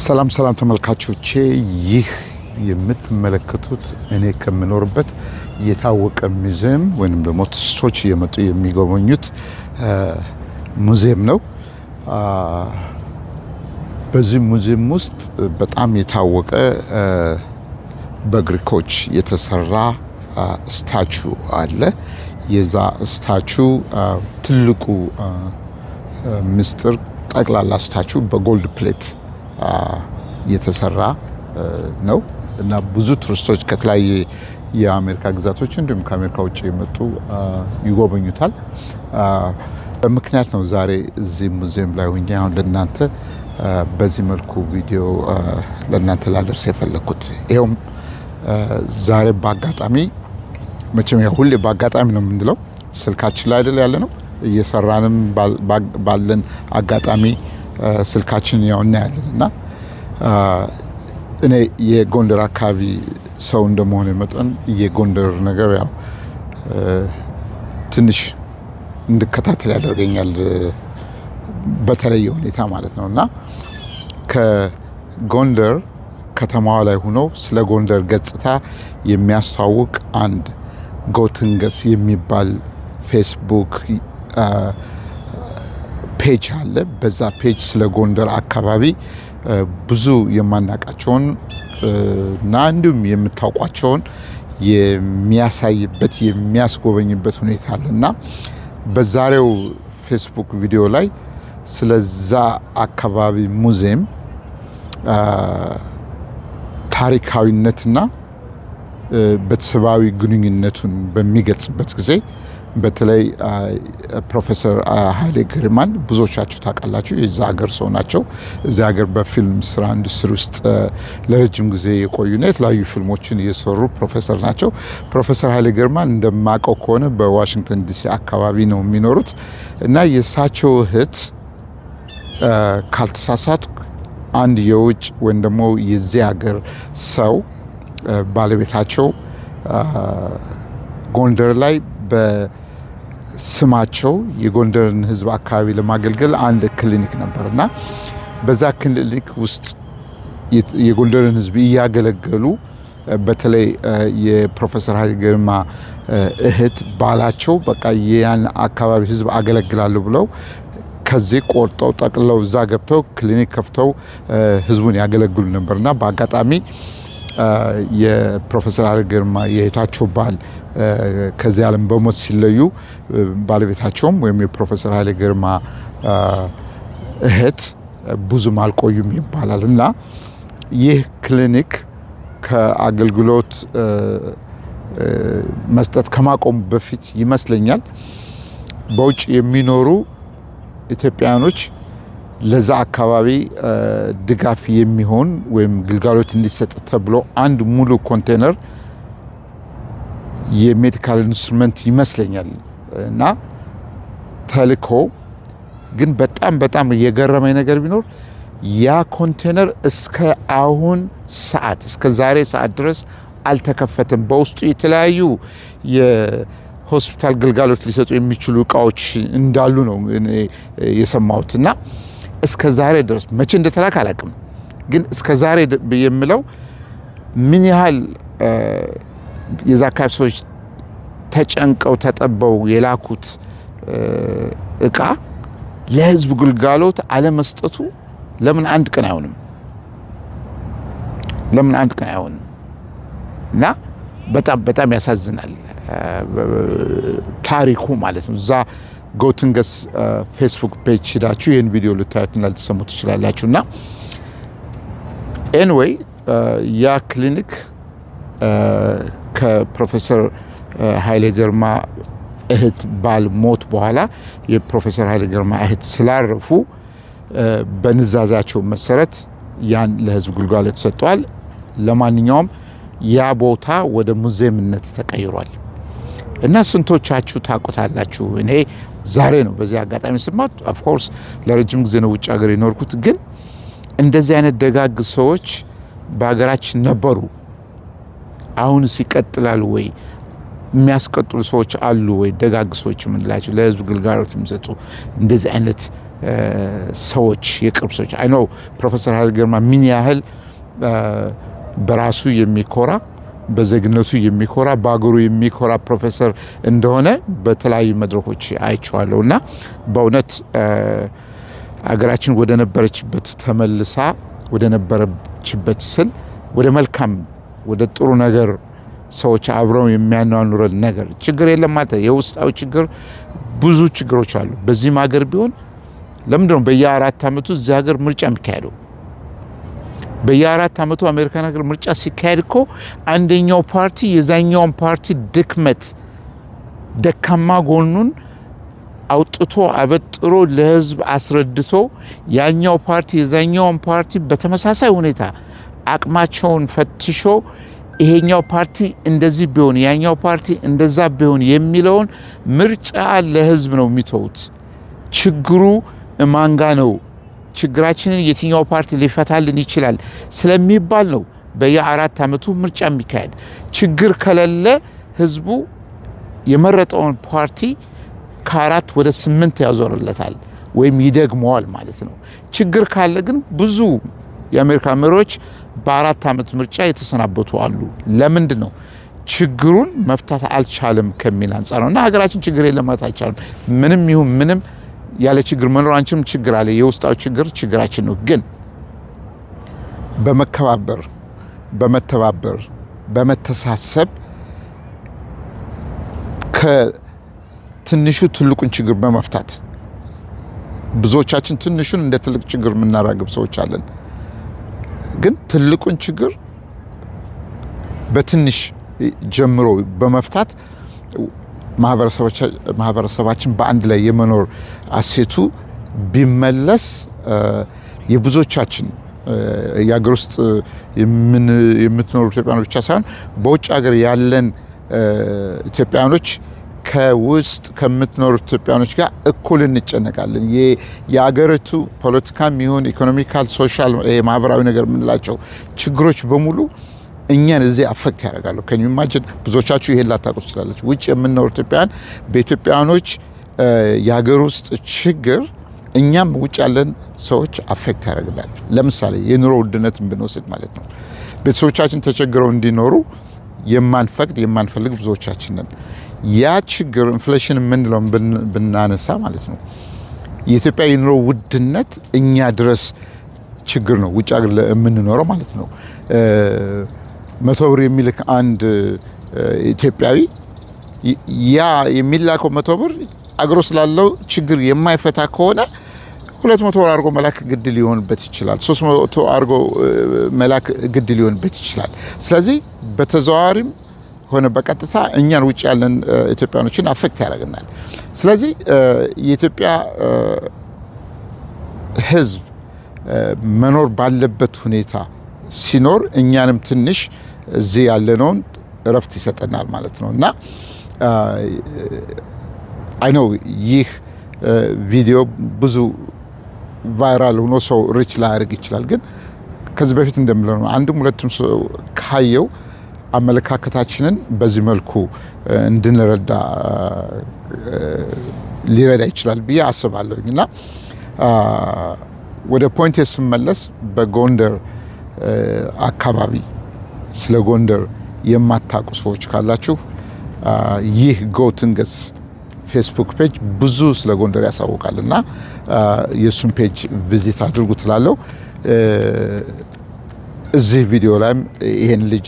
ሰላም ሰላም ተመልካቾቼ፣ ይህ የምትመለከቱት እኔ ከምኖርበት የታወቀ ሙዚየም ወይም ደግሞ ቱሪስቶች እየመጡ የሚጎበኙት ሙዚየም ነው። በዚህ ሙዚየም ውስጥ በጣም የታወቀ በግሪኮች የተሰራ ስታቹ አለ። የዛ ስታቹ ትልቁ ምስጢር ጠቅላላ ስታቹ በጎልድ ፕሌት የተሰራ ነው እና ብዙ ቱሪስቶች ከተለያየ የአሜሪካ ግዛቶች እንዲሁም ከአሜሪካ ውጭ የመጡ ይጎበኙታል። በምክንያት ነው ዛሬ እዚህ ሙዚየም ላይ ሆኜ አሁን ለእናንተ በዚህ መልኩ ቪዲዮ ለእናንተ ላደርስ የፈለግኩት ይኸውም ዛሬ በአጋጣሚ መቼም ሁሌ በአጋጣሚ ነው የምንለው፣ ስልካችን ላይ አይደል ያለ ነው እየሰራንም ባለን አጋጣሚ ስልካችን ያው እናያለን እና እኔ የጎንደር አካባቢ ሰው እንደመሆነ መጠን የጎንደር ነገር ያው ትንሽ እንድከታተል ያደርገኛል በተለየ ሁኔታ ማለት ነው እና ከጎንደር ከተማዋ ላይ ሆኖ ስለ ጎንደር ገጽታ የሚያስተዋውቅ አንድ ጎትንገስ የሚባል ፌስቡክ ፔጅ አለ። በዛ ፔጅ ስለ ጎንደር አካባቢ ብዙ የማናውቃቸውን እና እንዲሁም የምታውቋቸውን የሚያሳይበት የሚያስጎበኝበት ሁኔታ አለ እና በዛሬው ፌስቡክ ቪዲዮ ላይ ስለዛ አካባቢ ሙዚየም ታሪካዊነትና ቤተሰባዊ ግንኙነቱን በሚገልጽበት ጊዜ በተለይ ፕሮፌሰር ኃይሌ ግርማን ብዙዎቻችሁ ታውቃላችሁ። የዛ ሀገር ሰው ናቸው። እዚ ሀገር በፊልም ስራ ኢንዱስትሪ ውስጥ ለረጅም ጊዜ የቆዩና የተለያዩ ፊልሞችን እየሰሩ ፕሮፌሰር ናቸው። ፕሮፌሰር ኃይሌ ግርማን እንደማውቀው ከሆነ በዋሽንግተን ዲሲ አካባቢ ነው የሚኖሩት እና የእሳቸው እህት ካልተሳሳት አንድ የውጭ ወይም ደግሞ የዚህ ሀገር ሰው ባለቤታቸው ጎንደር ላይ ስማቸው የጎንደርን ህዝብ አካባቢ ለማገልገል አንድ ክሊኒክ ነበር እና በዛ ክሊኒክ ውስጥ የጎንደርን ህዝብ እያገለገሉ በተለይ የፕሮፌሰር ሀይል ግርማ እህት ባላቸው በቃ የያን አካባቢ ህዝብ አገለግላለሁ ብለው ከዚህ ቆርጠው ጠቅለው እዛ ገብተው ክሊኒክ ከፍተው ህዝቡን ያገለግሉ ነበርና በአጋጣሚ የፕሮፌሰር ኃይሌ ግርማ የእህታቸው ባል ከዚህ ዓለም በሞት ሲለዩ ባለቤታቸውም ወይም የፕሮፌሰር ኃይሌ ግርማ እህት ብዙም አልቆዩም ይባላል እና ይህ ክሊኒክ ከአገልግሎት መስጠት ከማቆም በፊት ይመስለኛል በውጭ የሚኖሩ ኢትዮጵያውያኖች ለዛ አካባቢ ድጋፍ የሚሆን ወይም ግልጋሎት እንዲሰጥ ተብሎ አንድ ሙሉ ኮንቴነር የሜዲካል ኢንስትሩመንት ይመስለኛል እና ተልኮ ግን በጣም በጣም የገረመኝ ነገር ቢኖር ያ ኮንቴነር እስከ አሁን ሰዓት እስከ ዛሬ ሰዓት ድረስ አልተከፈትም በውስጡ የተለያዩ የሆስፒታል ግልጋሎት ሊሰጡ የሚችሉ እቃዎች እንዳሉ ነው የሰማሁት እና እስከ ዛሬ ድረስ መቼ እንደተላክ አላቅም ግን እስከ ዛሬ የምለው ምን ያህል የዛ አካባቢ ሰዎች ተጨንቀው ተጠበው የላኩት እቃ ለህዝብ ግልጋሎት አለመስጠቱ ለምን አንድ ቀን አይሆንም? ለምን አንድ ቀን አይሆንም? እና በጣም በጣም ያሳዝናል ታሪኩ ማለት ነው። እዛ ጎትንገስ ፌስቡክ ፔጅ ሂዳችሁ ይህን ቪዲዮ ልታዩትና ልትሰሙ ትችላላችሁ። እና ኤንዌይ ያ ክሊኒክ ከፕሮፌሰር ኃይሌ ግርማ እህት ባል ሞት በኋላ የፕሮፌሰር ኃይሌ ግርማ እህት ስላረፉ በንዛዛቸው መሰረት ያን ለህዝብ ግልጋሎት ሰጥተዋል። ለማንኛውም ያ ቦታ ወደ ሙዚየምነት ተቀይሯል እና ስንቶቻችሁ ታቆታላችሁ? እኔ ዛሬ ነው በዚህ አጋጣሚ ስማት። ኦፍኮርስ ለረጅም ጊዜ ነው ውጭ ሀገር የኖርኩት፣ ግን እንደዚህ አይነት ደጋግ ሰዎች በሀገራችን ነበሩ። አሁንስ ይቀጥላል ወይ? የሚያስቀጥሉ ሰዎች አሉ ወይ? ደጋግ ሰዎች የምንላቸው ለህዝብ ግልጋሎት የሚሰጡ እንደዚህ አይነት ሰዎች፣ የቅርብ ሰዎች ነው ፕሮፌሰር ኃይሌ ግርማ ምን ያህል በራሱ የሚኮራ በዜግነቱ የሚኮራ በአገሩ የሚኮራ ፕሮፌሰር እንደሆነ በተለያዩ መድረኮች አይቼዋለሁ እና በእውነት አገራችን ወደ ነበረችበት ተመልሳ ወደ ነበረችበት ስል ወደ መልካም ወደ ጥሩ ነገር ሰዎች አብረው የሚያኗኑረን ነገር ችግር የለም ማለት የውስጣዊ ችግር ብዙ ችግሮች አሉ። በዚህም ሀገር ቢሆን ለምንድን ነው በየአራት ዓመቱ እዚህ ሀገር ምርጫ የሚካሄደው? በየአራት ዓመቱ አሜሪካን ሀገር ምርጫ ሲካሄድ እኮ አንደኛው ፓርቲ የዛኛውን ፓርቲ ድክመት፣ ደካማ ጎኑን አውጥቶ አበጥሮ ለህዝብ አስረድቶ ያኛው ፓርቲ የዛኛውን ፓርቲ በተመሳሳይ ሁኔታ አቅማቸውን ፈትሾ ይሄኛው ፓርቲ እንደዚህ ቢሆን ያኛው ፓርቲ እንደዛ ቢሆን የሚለውን ምርጫ ለህዝብ ነው የሚተውት ችግሩ ማንጋ ነው፣ ችግራችንን የትኛው ፓርቲ ሊፈታልን ይችላል ስለሚባል ነው በየአራት ዓመቱ ምርጫ የሚካሄድ። ችግር ከሌለ ህዝቡ የመረጠውን ፓርቲ ከአራት ወደ ስምንት ያዞርለታል ወይም ይደግመዋል ማለት ነው። ችግር ካለ ግን ብዙ የአሜሪካ መሪዎች በአራት ዓመት ምርጫ የተሰናበቱ አሉ። ለምንድን ነው? ችግሩን መፍታት አልቻልም ከሚል አንጻር ነው። እና ሀገራችን ችግር የለማት አይቻልም። ምንም ይሁን ምንም ያለ ችግር መኖር አንችልም። ችግር አለ፣ የውስጣዊ ችግር ችግራችን ነው። ግን በመከባበር በመተባበር በመተሳሰብ ከትንሹ ትልቁን ችግር በመፍታት ብዙዎቻችን ትንሹን እንደ ትልቅ ችግር የምናራግብ ሰዎች አለን። ግን ትልቁን ችግር በትንሽ ጀምሮ በመፍታት ማህበረሰባችን በአንድ ላይ የመኖር አሴቱ ቢመለስ የብዙዎቻችን የሀገር ውስጥ የምትኖሩ ኢትዮጵያኖች ብቻ ሳይሆን በውጭ ሀገር ያለን ኢትዮጵያኖች ከውስጥ ከምትኖሩት ኢትዮጵያኖች ጋር እኩል እንጨነቃለን። የአገሪቱ ፖለቲካም ይሁን ኢኮኖሚካል፣ ሶሻል፣ ማህበራዊ ነገር የምንላቸው ችግሮች በሙሉ እኛን እዚህ አፈክት ያደርጋሉ። ከኝ ማጅን ብዙዎቻችሁ ይሄን ላታቁ ትችላለች። ውጭ የምንኖሩ ኢትዮጵያውያን በኢትዮጵያኖች የሀገር ውስጥ ችግር እኛም ውጭ ያለን ሰዎች አፌክት ያደርግላል። ለምሳሌ የኑሮ ውድነትን ብንወስድ ማለት ነው ቤተሰቦቻችን ተቸግረው እንዲኖሩ የማንፈቅድ የማንፈልግ ብዙዎቻችንን ያ ችግር ኢንፍሌሽን የምንለውን ብናነሳ ማለት ነው የኢትዮጵያ የኑሮ ውድነት እኛ ድረስ ችግር ነው። ውጭ ሀገር የምንኖረው ማለት ነው መቶ ብር የሚልክ አንድ ኢትዮጵያዊ ያ የሚላከው መቶ ብር አገሮ ስላለው ችግር የማይፈታ ከሆነ ሁለት መቶ ብር አድርጎ መላክ ግድ ሊሆንበት ይችላል። ሶስት መቶ አድርጎ መላክ ግድ ሊሆንበት ይችላል። ስለዚህ በተዘዋዋሪም ከሆነ በቀጥታ እኛን ውጭ ያለን ኢትዮጵያኖችን አፌክት ያደርግናል። ስለዚህ የኢትዮጵያ ሕዝብ መኖር ባለበት ሁኔታ ሲኖር እኛንም ትንሽ እዚህ ያለነውን እረፍት ይሰጠናል ማለት ነው እና አይነው ይህ ቪዲዮ ብዙ ቫይራል ሆኖ ሰው ሪች ላያደርግ ይችላል። ግን ከዚህ በፊት እንደምለው ነው አንድም ሁለቱም ሰው ካየው አመለካከታችንን በዚህ መልኩ እንድንረዳ ሊረዳ ይችላል ብዬ አስባለሁኝ እና ወደ ፖይንቴ ስመለስ በጎንደር አካባቢ ስለ ጎንደር የማታውቁ ሰዎች ካላችሁ ይህ ጎትንገስ ፌስቡክ ፔጅ ብዙ ስለ ጎንደር ያሳውቃል እና የእሱን ፔጅ ቪዚት አድርጉ ትላለው። እዚህ ቪዲዮ ላይም ይሄን ልጅ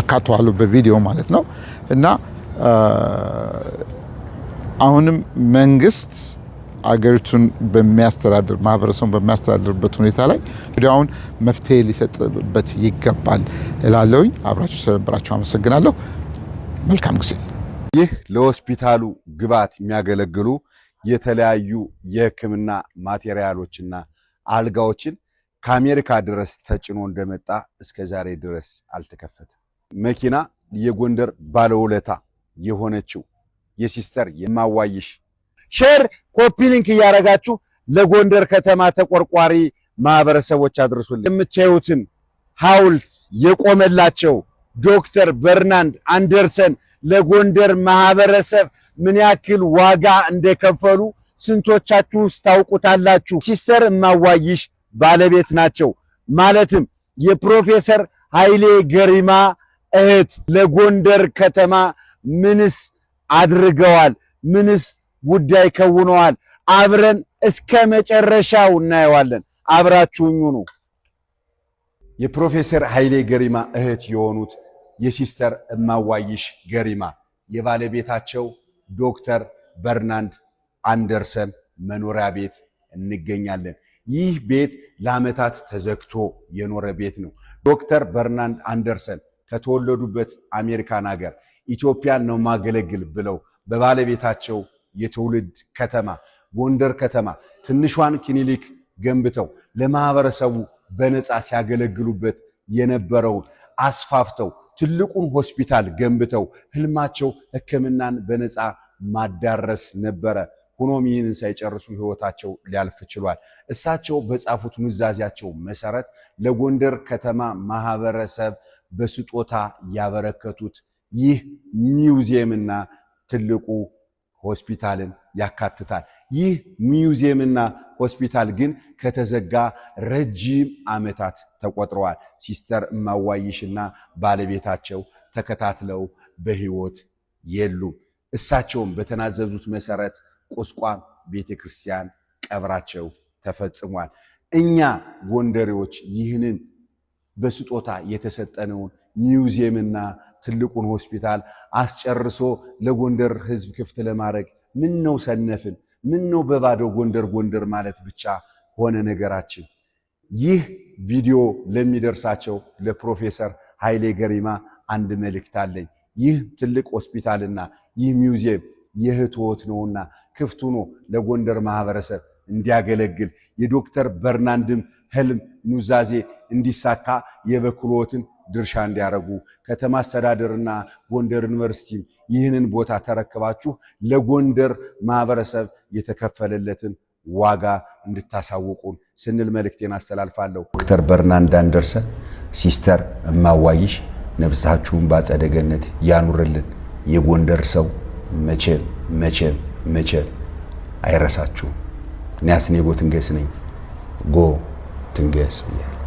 አካተዋለሁ በቪዲዮ ማለት ነው። እና አሁንም መንግስት አገሪቱን በሚያስተዳድር ማህበረሰቡን በሚያስተዳድርበት ሁኔታ ላይ ወዲያውኑ መፍትሄ ሊሰጥበት ይገባል እላለሁኝ። አብራችሁ ስለነበራችሁ አመሰግናለሁ። መልካም ጊዜ። ይህ ለሆስፒታሉ ግብዓት የሚያገለግሉ የተለያዩ የህክምና ማቴሪያሎችና አልጋዎችን ከአሜሪካ ድረስ ተጭኖ እንደመጣ እስከ ዛሬ ድረስ አልተከፈተም። መኪና የጎንደር ባለውለታ የሆነችው የሲስተር የማዋይሽ ሼር ኮፒ ሊንክ እያደረጋችሁ ለጎንደር ከተማ ተቆርቋሪ ማህበረሰቦች አድርሱልን። የምታዩትን ሐውልት የቆመላቸው ዶክተር በርናንድ አንደርሰን ለጎንደር ማህበረሰብ ምን ያክል ዋጋ እንደከፈሉ ስንቶቻችሁ ውስጥ ታውቁታላችሁ? ሲስተር እማዋይሽ ባለቤት ናቸው። ማለትም የፕሮፌሰር ኃይሌ ገሪማ እህት ለጎንደር ከተማ ምንስ አድርገዋል? ምንስ ጉዳይ ከውነዋል? አብረን እስከ መጨረሻው እናየዋለን። አብራችሁኙ ነው። የፕሮፌሰር ኃይሌ ገሪማ እህት የሆኑት የሲስተር እማዋይሽ ገሪማ የባለቤታቸው ዶክተር በርናንድ አንደርሰን መኖሪያ ቤት እንገኛለን። ይህ ቤት ለዓመታት ተዘግቶ የኖረ ቤት ነው። ዶክተር በርናንድ አንደርሰን ከተወለዱበት አሜሪካን ሀገር ኢትዮጵያን ነው ማገለግል ብለው በባለቤታቸው የትውልድ ከተማ ጎንደር ከተማ ትንሿን ክሊኒክ ገንብተው ለማህበረሰቡ በነፃ ሲያገለግሉበት የነበረውን አስፋፍተው ትልቁን ሆስፒታል ገንብተው ህልማቸው ሕክምናን በነፃ ማዳረስ ነበረ። ሆኖም ይህንን ሳይጨርሱ ህይወታቸው ሊያልፍ ችሏል። እሳቸው በጻፉት ኑዛዜያቸው መሰረት ለጎንደር ከተማ ማህበረሰብ በስጦታ ያበረከቱት ይህ ሚውዚየምና ትልቁ ሆስፒታልን ያካትታል። ይህ ሚውዚየምና ሆስፒታል ግን ከተዘጋ ረጅም ዓመታት ተቆጥረዋል። ሲስተር እማዋይሽና ባለቤታቸው ተከታትለው በህይወት የሉም። እሳቸውም በተናዘዙት መሰረት ቁስቋም ቤተ ክርስቲያን ቀብራቸው ተፈጽሟል። እኛ ጎንደሬዎች ይህንን በስጦታ የተሰጠነውን ሚውዚየምና ትልቁን ሆስፒታል አስጨርሶ ለጎንደር ሕዝብ ክፍት ለማድረግ ምን ነው ሰነፍን? ምን ነው በባዶ ጎንደር ጎንደር ማለት ብቻ ሆነ ነገራችን። ይህ ቪዲዮ ለሚደርሳቸው ለፕሮፌሰር ኃይሌ ገሪማ አንድ መልእክት አለኝ። ይህ ትልቅ ሆስፒታልና ይህ ሚውዚየም የህትወት ነውና ክፍት ሆኖ ለጎንደር ማህበረሰብ እንዲያገለግል የዶክተር በርናንድም ህልም ኑዛዜ እንዲሳካ የበክሎትን ድርሻ እንዲያደርጉ ከተማ አስተዳደርና ጎንደር ዩኒቨርሲቲም ይህንን ቦታ ተረክባችሁ ለጎንደር ማህበረሰብ የተከፈለለትን ዋጋ እንድታሳውቁን ስንል መልእክቴን አስተላልፋለሁ። ዶክተር በርናንድ አንደርሰ ሲስተር እማዋይሽ ነፍሳችሁን በአጸደ ያኑርልን። የጎንደር ሰው መቼም መቼም መቼ አይረሳችሁም። እኔ አስኔ ጎ ትንገስ ነኝ። ጎ ትንገስ ብያለሁ።